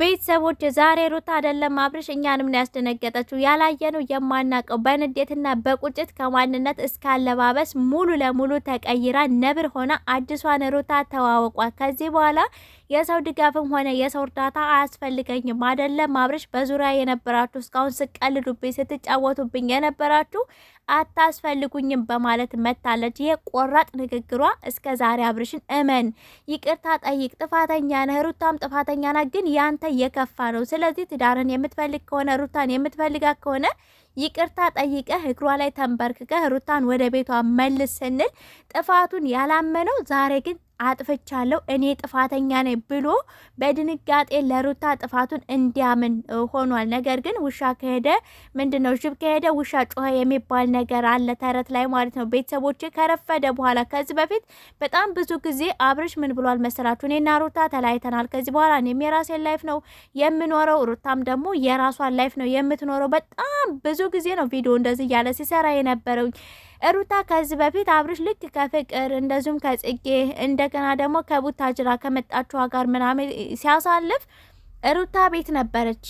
ቤተሰቦች ዛሬ ሩታ አይደለም አብርሽ እኛንም ነው ያስደነገጠችው። ያላየነው የማናቀው በንዴትና በቁጭት ከማንነት እስከ አለባበስ ሙሉ ለሙሉ ተቀይራ ነብር ሆና አዲሷን ሩታ ተዋወቋ ከዚህ በኋላ የሰው ድጋፍም ሆነ የሰው እርዳታ አያስፈልገኝም አይደለም። አብርሽ በዙሪያ የነበራችሁ እስካሁን ስቀልዱብኝ፣ ስትጫወቱብኝ የነበራችሁ አታስፈልጉኝም በማለት መታለች። ይሄ ቆራጥ ንግግሯ እስከ ዛሬ አብርሽን እመን፣ ይቅርታ ጠይቅ፣ ጥፋተኛ ነህ፣ ሩታም ጥፋተኛ ናት፣ ግን ያንተ የከፋ ነው። ስለዚህ ትዳርን የምትፈልግ ከሆነ ሩታን የምትፈልጋት ከሆነ ይቅርታ ጠይቀህ እግሯ ላይ ተንበርክከህ ሩታን ወደ ቤቷ መልስ ስንል ጥፋቱን ያላመነው ዛሬ ግን አጥፍቻለሁ እኔ ጥፋተኛ ነኝ ብሎ በድንጋጤ ለሩታ ጥፋቱን እንዲያምን ሆኗል። ነገር ግን ውሻ ከሄደ ምንድን ነው ጅብ ከሄደ ውሻ ጮኸ የሚባል ነገር አለ ተረት ላይ ማለት ነው። ቤተሰቦች ከረፈደ በኋላ ከዚህ በፊት በጣም ብዙ ጊዜ አብርሽ ምን ብሏል መሰላችሁ? እኔና ሩታ ተለያይተናል። ከዚህ በኋላ እኔም የራሴን ላይፍ ነው የምኖረው፣ ሩታም ደግሞ የራሷን ላይፍ ነው የምትኖረው። በጣም ብዙ ጊዜ ነው ቪዲዮ እንደዚህ እያለ ሲሰራ የነበረው ሩታ ከዚህ በፊት አብርሽ ልክ ከፍቅር እንደዚሁም ከጽጌ እንደገና ደግሞ ከቡታጅራ ከመጣችዋ ጋር ምናምን ሲያሳልፍ ሩታ ቤት ነበረች።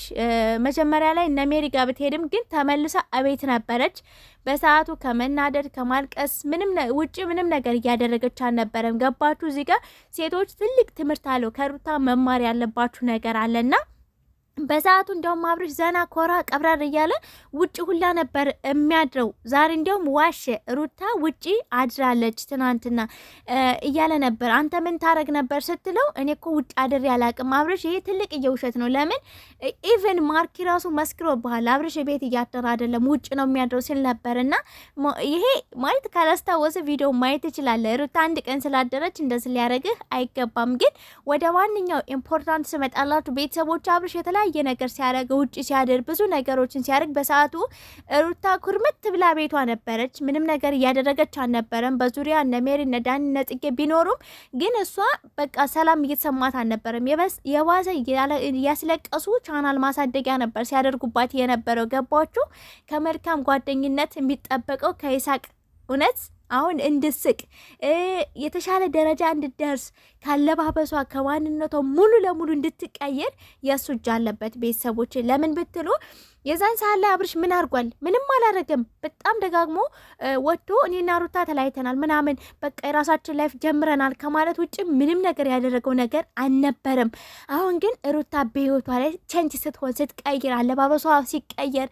መጀመሪያ ላይ እነ ሜሪ ጋር ብትሄድም ግን ተመልሳ አቤት ነበረች። በሰዓቱ ከመናደድ ከማልቀስ ምንም ውጭ ምንም ነገር እያደረገች አልነበረም። ገባችሁ? እዚህ ጋር ሴቶች ትልቅ ትምህርት አለው ከሩታ መማር ያለባችሁ ነገር አለና በሰዓቱ እንዲያውም አብርሽ ዘና ኮራ ቀብረር እያለ ውጭ ሁላ ነበር የሚያድረው። ዛሬ እንዲያውም ዋሸ። ሩታ ውጪ አድራለች ትናንትና እያለ ነበር። አንተ ምን ታረግ ነበር ስትለው እኔ እኮ ውጭ አድሬ አላቅም አብርሽ። ይሄ ትልቅ እየውሸት ነው። ለምን ኢቨን ማርኪ ራሱ መስክሮ በኋል አብርሽ ቤት እያደረ አይደለም ውጭ ነው የሚያድረው ሲል ነበር። እና ይሄ ማየት ካላስታወስ ቪዲዮ ማየት ትችላለህ። ሩታ አንድ ቀን ስላደረች እንደዚህ ሊያደርግህ አይገባም። ግን ወደ ዋነኛው ኢምፖርታንት ስመጣላችሁ ቤተሰቦች አብርሽ የተለ የተለያየ ነገር ሲያደርግ ውጭ ሲያድር ብዙ ነገሮችን ሲያደርግ በሰዓቱ ሩታ ኩርምት ብላ ቤቷ ነበረች። ምንም ነገር እያደረገች አልነበረም። በዙሪያ እነ ሜሪ እነ ዳኒ እነ ጽጌ ቢኖሩም ግን እሷ በቃ ሰላም እየተሰማት አልነበረም። የባሰ ያስለቀሱ ቻናል ማሳደጊያ ነበር ሲያደርጉባት የነበረው። ገባችሁ? ከመልካም ጓደኝነት የሚጠበቀው ከይሳቅ እውነት አሁን እንድስቅ የተሻለ ደረጃ እንድደርስ ካለባበሷ ከማንነቷ ሙሉ ለሙሉ እንድትቀየር የእሱ እጅ አለበት። ቤተሰቦች ለምን ብትሉ የዛን ሰዓት ላይ አብርሽ ምን አድርጓል? ምንም አላደረገም። በጣም ደጋግሞ ወጥቶ እኔና ሩታ ተለያይተናል ምናምን በቃ የራሳችን ላይፍ ጀምረናል ከማለት ውጭ ምንም ነገር ያደረገው ነገር አልነበረም። አሁን ግን ሩታ በህይወቷ ላይ ቸንች ስትሆን ስትቀይር፣ አለባበሷ ሲቀየር፣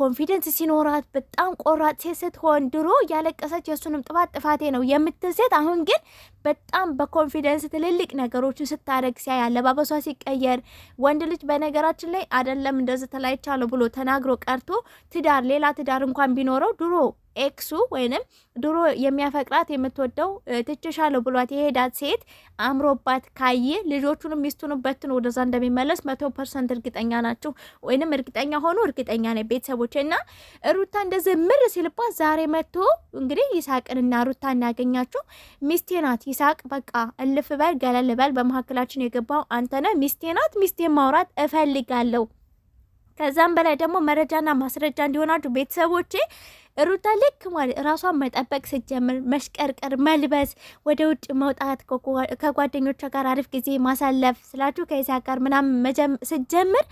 ኮንፊደንስ ሲኖራት፣ በጣም ቆራጥ ሴት ስትሆን ድሮ ያለቀሰች የእሱንም ጥፋት ጥፋቴ ነው የምትል ሴት አሁን ግን በጣም በኮንፊደንስ ትልልቅ ነገሮችን ስታደረግ ሲያይ አለባበሷ ሲቀየር፣ ወንድ ልጅ በነገራችን ላይ አደለም እንደዚህ ተላይቻለሁ ብሎ ተናግሮ ቀርቶ ትዳር ሌላ ትዳር እንኳን ቢኖረው ድሮ ኤክሱ ወይንም ድሮ የሚያፈቅራት የምትወደው ትችሻለሁ ብሏት የሄዳት ሴት አምሮባት ካየ ልጆቹንም ሚስቱንም በትን ወደዛ እንደሚመለስ መቶ ፐርሰንት እርግጠኛ ናቸው፣ ወይንም እርግጠኛ ሆኑ። እርግጠኛ ነኝ ቤተሰቦች እና ሩታ እንደዚ ምር ሲልባት ዛሬ መጥቶ እንግዲህ ይሳቅንና ሩታ እናገኛችሁ። ሚስቴ ናት ይሳቅ፣ በቃ እልፍ በል ገለል በል፣ በመካከላችን የገባው አንተነ። ሚስቴ ናት፣ ሚስቴን ማውራት እፈልጋለሁ። ከዛም በላይ ደግሞ መረጃና ማስረጃ እንዲሆናችሁ ቤተሰቦቼ ሩታ ልክ ማለት ራሷን መጠበቅ ስትጀምር መሽቀርቀር፣ መልበስ፣ ወደ ውጭ መውጣት፣ ከጓደኞቿ ጋር አሪፍ ጊዜ ማሳለፍ ስላችሁ ከዚያ ጋር ምናምን ስትጀምር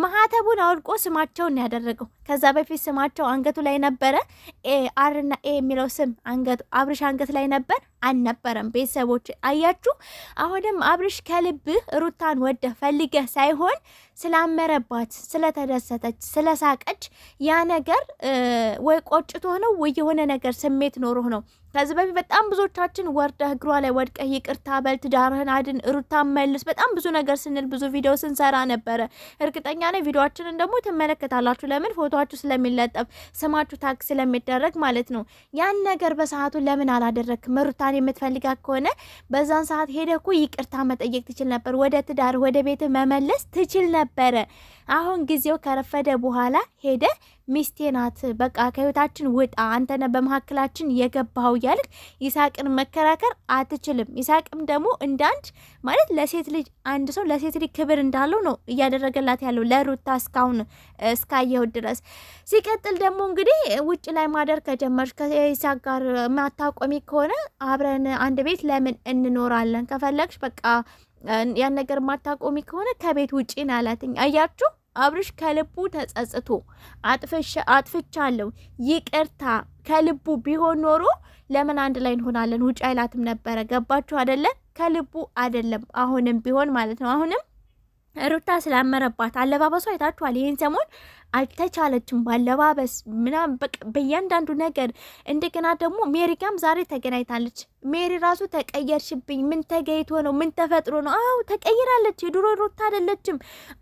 ማህተቡን አውልቆ ስማቸውን ያደረገው። ከዛ በፊት ስማቸው አንገቱ ላይ ነበረ። አርና ኤ የሚለው ስም አንገቱ አብርሽ አንገት ላይ ነበር አልነበረም። ቤተሰቦች አያችሁ። አሁንም አብርሽ ከልብህ ሩታን ወደ ፈልገህ ሳይሆን ስላመረባት፣ ስለተደሰተች፣ ስለሳቀች ያ ነገር ወይ ቆጭቶ ነው ወይ የሆነ ነገር ስሜት ኖሮህ ነው። ከዚህ በፊት በጣም ብዙዎቻችን ወርደህ እግሯ ላይ ወድቀህ ይቅርታ በል ትዳርህን አድን ሩታን መልስ በጣም ብዙ ነገር ስንል ብዙ ቪዲዮ ስንሰራ ነበረ እርግጠኛ ነው። ቪዲዮችንን ደግሞ ትመለከታላችሁ። ለምን ፎቶችሁ ስለሚለጠፍ ስማችሁ ታክ ስለሚደረግ ማለት ነው። ያን ነገር በሰዓቱ ለምን አላደረክ ሩታን የምትፈልጋት ከሆነ በዛን ሰዓት ሄደኩ እኮ ይቅርታ መጠየቅ ትችል ነበር። ወደ ትዳር ወደ ቤት መመለስ ትችል ነበረ። አሁን ጊዜው ከረፈደ በኋላ ሄደ ሚስቴ ናት፣ በቃ ከህይወታችን ውጣ፣ አንተነ በመካከላችን የገባኸው እያልክ ይሳቅን መከራከር አትችልም። ይሳቅም ደግሞ እንዳንድ ማለት ለሴት ልጅ አንድ ሰው ለሴት ልጅ ክብር እንዳለው ነው እያደረገላት ያለው ለሩታ እስካሁን እስካየው ድረስ። ሲቀጥል ደግሞ እንግዲህ ውጭ ላይ ማደር ከጀመርሽ ከይሳቅ ጋር ማታቆሚ ከሆነ አብረን አንድ ቤት ለምን እንኖራለን? ከፈለግሽ በቃ ያን ነገር ማታቆሚ ከሆነ ከቤት ውጪ ናላትኝ አያችሁ። አብርሽ ከልቡ ተጸጽቶ አጥፍቻለሁ ይቅርታ ከልቡ ቢሆን ኖሮ ለምን አንድ ላይ እንሆናለን? ውጭ አይላትም ነበረ። ገባችሁ አደለ? ከልቡ አደለም። አሁንም ቢሆን ማለት ነው አሁንም ሩታ ስላመረባት አለባበሱ አይታችኋል። ይህን ሰሞን አልተቻለችም ባለባበስ ምናምን በእያንዳንዱ ነገር። እንደገና ደግሞ ሜሪ ጋም ዛሬ ተገናኝታለች። ሜሪ ራሱ ተቀየርሽብኝ፣ ምን ተገይቶ ነው? ምን ተፈጥሮ ነው? አው ተቀይራለች። የድሮ ሩታ አይደለችም።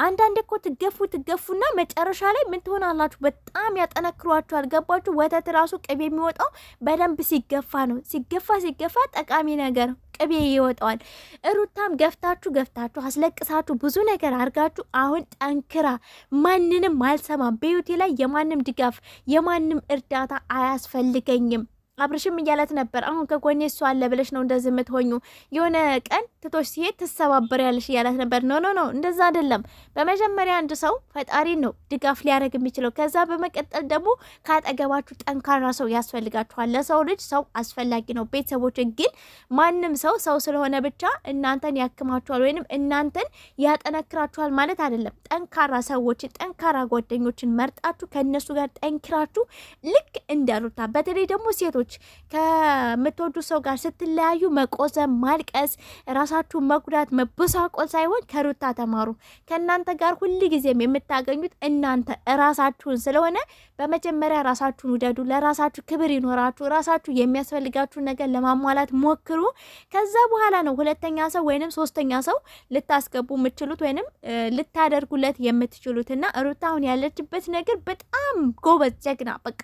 አንዳንዴ እኮ ትገፉ ትገፉና መጨረሻ ላይ ምን ትሆናላችሁ? በጣም ያጠነክሯችሁ። አልገባችሁ? ወተት ራሱ ቅቤ የሚወጣው በደንብ ሲገፋ ነው። ሲገፋ ሲገፋ ጠቃሚ ነገር ቅቤ ይወጣዋል። ሩታም ገፍታችሁ ገፍታችሁ አስለቅሳችሁ ብዙ ነገር አድርጋችሁ አሁን ጠንክራ ማንንም አልሰማም፣ በህይወቴ ላይ የማንም ድጋፍ የማንም እርዳታ አያስፈልገኝም አብርሽም እያለት ነበር። አሁን ከጎኔ እሱ አለ ብለሽ ነው እንደዚህ የምትሆኙ የሆነ ቀን ትቶች ሲሄድ ትሰባበር ያለሽ እያለት ነበር። ኖ ኖ ኖ፣ እንደዛ አይደለም። በመጀመሪያ አንድ ሰው ፈጣሪ ነው ድጋፍ ሊያደርግ የሚችለው። ከዛ በመቀጠል ደግሞ ካጠገባችሁ ጠንካራ ሰው ያስፈልጋችኋል። ለሰው ልጅ ሰው አስፈላጊ ነው። ቤተሰቦች ግን ማንም ሰው ሰው ስለሆነ ብቻ እናንተን ያክማችኋል ወይንም እናንተን ያጠነክራችኋል ማለት አይደለም። ጠንካራ ሰዎችን ጠንካራ ጓደኞችን መርጣችሁ ከእነሱ ጋር ጠንክራችሁ ልክ እንዳሉታ በተለይ ደግሞ ሴቶች ሰዎች ከምትወዱ ሰው ጋር ስትለያዩ መቆዘም፣ ማልቀስ፣ ራሳችሁን መጉዳት፣ መበሳቆል ሳይሆን ከሩታ ተማሩ። ከእናንተ ጋር ሁል ጊዜም የምታገኙት እናንተ ራሳችሁን ስለሆነ በመጀመሪያ ራሳችሁን ውደዱ። ለራሳችሁ ክብር ይኖራችሁ። ራሳችሁ የሚያስፈልጋችሁን ነገር ለማሟላት ሞክሩ። ከዛ በኋላ ነው ሁለተኛ ሰው ወይንም ሶስተኛ ሰው ልታስገቡ የምትችሉት ወይንም ልታደርጉለት የምትችሉት እና ሩታ አሁን ያለችበት ነገር በጣም ጎበዝ ጀግና፣ በቃ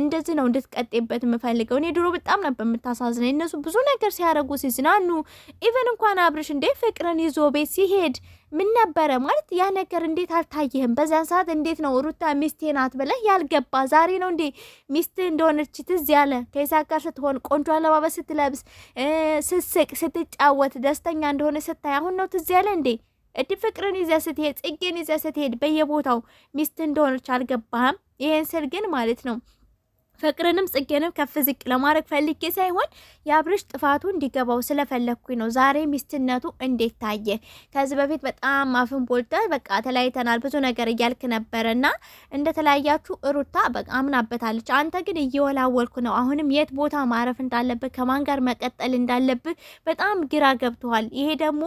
እንደዚህ ነው እንድትቀጤበት ምፈልግ የምፈልገው። እኔ ድሮ በጣም ነበር የምታሳዝነኝ። እነሱ ብዙ ነገር ሲያደርጉ ሲዝናኑ፣ ኢቨን እንኳን አብርሽ እንዴ ፍቅርን ይዞ ቤት ሲሄድ ምን ነበረ ማለት ያ ነገር እንዴት አልታየህም? በዚያን ሰዓት እንዴት ነው ሩታ ሚስቴ ናት ብለህ ያልገባ? ዛሬ ነው እንዴ ሚስት እንደሆነች ትዝ ያለ? ከይሳ ጋር ስትሆን ቆንጆ አለባበስ ስትለብስ፣ ስስቅ ስትጫወት፣ ደስተኛ እንደሆነ ስታይ አሁን ነው ትዝ ያለ እንዴ? እድ ፍቅርን ይዘ ስትሄድ፣ ጽጌን ይዘ ስትሄድ በየቦታው ሚስት እንደሆነች አልገባህም? ይህን ስል ግን ማለት ነው ፍቅርንም ጽጌንም ከፍ ዝቅ ለማድረግ ፈልጌ ሳይሆን የአብርሽ ጥፋቱ እንዲገባው ስለፈለግኩኝ ነው። ዛሬ ሚስትነቱ እንዴት ታየ? ከዚህ በፊት በጣም አፍን ቦልተ በቃ ተለያይተናል ብዙ ነገር እያልክ ነበረና እንደ ተለያያችሁ ሩታ አምናበታለች። አንተ ግን እየወላወልኩ ነው። አሁንም የት ቦታ ማረፍ እንዳለብህ ከማን ጋር መቀጠል እንዳለብህ በጣም ግራ ገብተዋል። ይሄ ደግሞ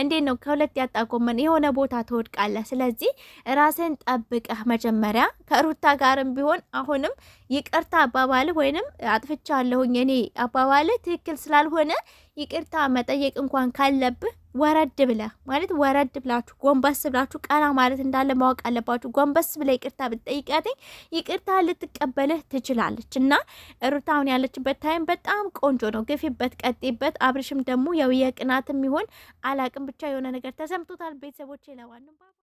እንዴት ነው ከሁለት ያጣ ጎመን የሆነ ቦታ ትወድቃለህ። ስለዚህ ራስን ጠብቀህ መጀመሪያ ከሩታ ጋርም ቢሆን አሁንም ይቅርታ አባባል ወይንም አጥፍቻለሁኝ እኔ አባባል ትክክል ስላልሆነ ይቅርታ መጠየቅ እንኳን ካለብህ ወረድ ብለ ማለት ወረድ ብላችሁ ጎንበስ ብላችሁ ቀና ማለት እንዳለ ማወቅ አለባችሁ። ጎንበስ ብለ ይቅርታ ብትጠይቃትኝ ይቅርታ ልትቀበልህ ትችላለች። እና ሩታ አሁን ያለችበት ታይም በጣም ቆንጆ ነው። ግፊበት፣ ቀጤበት። አብርሽም ደግሞ ያው የቅናትም ይሆን አላቅም ብቻ የሆነ ነገር ተሰምቶታል። ቤተሰቦች ለዋንም